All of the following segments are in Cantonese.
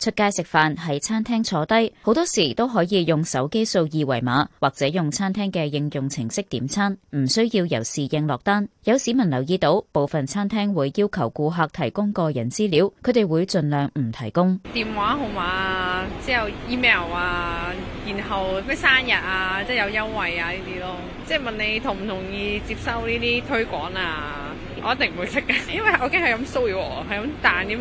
。出街食飯，喺餐廳坐低，好多時都可以用手機掃二維碼，或者用餐廳嘅應用程式點餐，唔需要由侍應落單。有市民留意到，部分餐廳會要求顧客提供個人資料，佢哋會盡量唔提供電話號碼啊，之後 email 啊。然後咩生日啊，即係有優惠啊呢啲咯，即係問你同唔同意接收呢啲推廣啊？我一定唔會識嘅，因為我驚係咁騷擾我，係咁彈啲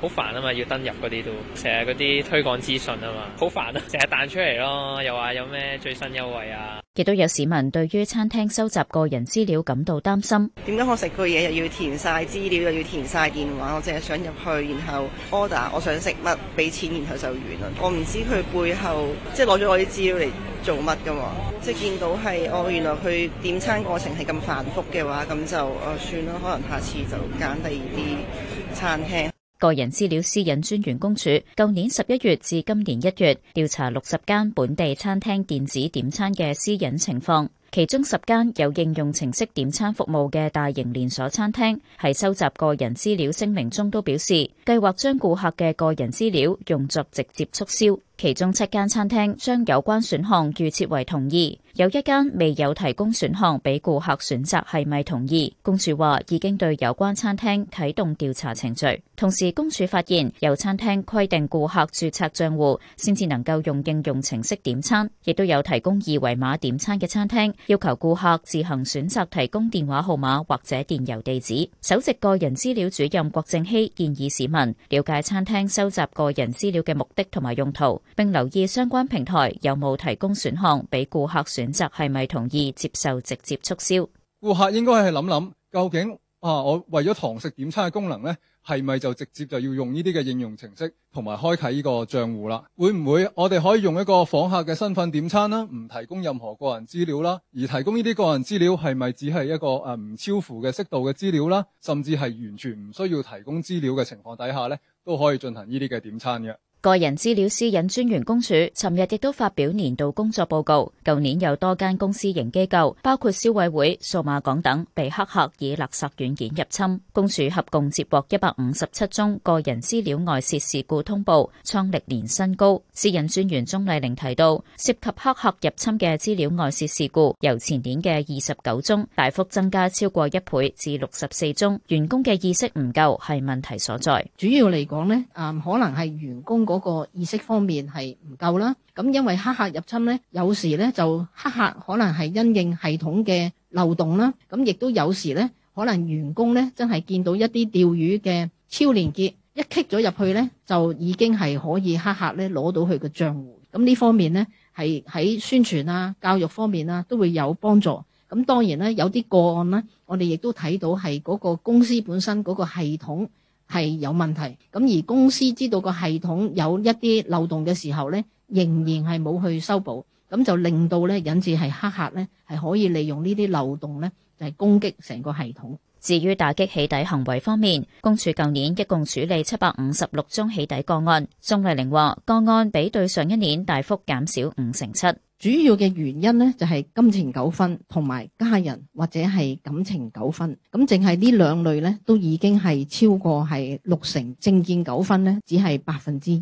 好煩啊嘛，要登入嗰啲都成日嗰啲推廣資訊啊嘛，好煩啊，成日彈出嚟咯，又話有咩最新優惠啊。亦都有市民對於餐廳收集個人資料感到擔心。點解我食個嘢又要填晒資料，又要填晒電話？我淨係想入去，然後 order，我想食乜，俾錢，然後就完啦。我唔知佢背後即係攞咗我啲資料嚟做乜噶嘛。即係見到係哦，原來佢點餐過程係咁繁複嘅話，咁就誒、呃、算啦。可能下次就揀第二啲餐廳。個人資料私隱專員公署舊年十一月至今年一月調查六十間本地餐廳電子點餐嘅私隱情況，其中十間有應用程式點餐服務嘅大型連鎖餐廳，喺收集個人資料聲明中都表示，計劃將顧客嘅個人資料用作直接促銷。其中七間餐廳將有關選項預設為同意，有一間未有提供選項俾顧客選擇，係咪同意？公署話已經對有關餐廳啟動調查程序，同時公署發現有餐廳規定顧客註冊賬戶先至能夠用應用程式點餐，亦都有提供二維碼點餐嘅餐廳要求顧客自行選擇提供電話號碼或者電郵地址。首席個人資料主任郭正熙建議市民了解餐廳收集個人資料嘅目的同埋用途。並留意相關平台有冇提供選項俾顧客選擇係咪同意接受直接促銷？顧客應該係諗諗究竟啊，我為咗堂食點餐嘅功能呢係咪就直接就要用呢啲嘅應用程式同埋開啟呢個賬戶啦？會唔會我哋可以用一個訪客嘅身份點餐啦？唔提供任何個人資料啦，而提供呢啲個人資料係咪只係一個誒唔超乎嘅適度嘅資料啦？甚至係完全唔需要提供資料嘅情況底下呢都可以進行呢啲嘅點餐嘅。個人資料私隱專員公署尋日亦都發表年度工作報告，舊年有多間公私營機構，包括消委會、數碼港等，被黑客以勒索軟件入侵。公署合共接獲一百五十七宗個人資料外洩事故通報，創歷年新高。私隱專員鍾麗玲提到，涉及黑客入侵嘅資料外洩事故，由前年嘅二十九宗大幅增加超過一倍至六十四宗。員工嘅意識唔夠係問題所在，主要嚟講呢，嗯，可能係員工個。嗰個意識方面係唔夠啦，咁因為黑客入侵呢，有時呢就黑客可能係因應系統嘅漏洞啦，咁亦都有時呢，可能員工呢真係見到一啲釣魚嘅超連結，一 click 咗入去呢，就已經係可以黑客呢攞到佢嘅賬戶。咁呢方面呢係喺宣傳啊、教育方面啊都會有幫助。咁當然咧有啲個案呢，我哋亦都睇到係嗰個公司本身嗰個系統。係有問題，咁而公司知道個系統有一啲漏洞嘅時候呢，仍然係冇去修補，咁就令到呢，引致係黑客呢係可以利用呢啲漏洞呢，係攻擊成個系統。至於打擊起底行為方面，公署舊年一共處理七百五十六宗起底個案，鍾麗玲話個案比對上一年大幅減少五成七。主要嘅原因呢，就係金錢糾紛同埋家人或者係感情糾紛。咁淨係呢兩類呢，都已經係超過係六成。政見糾紛呢只係百分之二。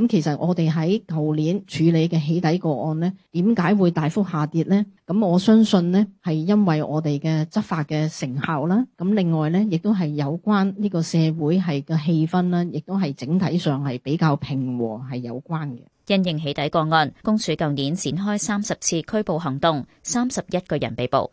咁其實我哋喺舊年處理嘅起底個案呢，點解會大幅下跌呢？咁我相信呢，係因為我哋嘅執法嘅成效啦。咁另外呢，亦都係有關呢個社會係嘅氣氛啦，亦都係整體上係比較平和係有關嘅。因應起底個案，公署舊年展開三十次拘捕行動，三十一個人被捕。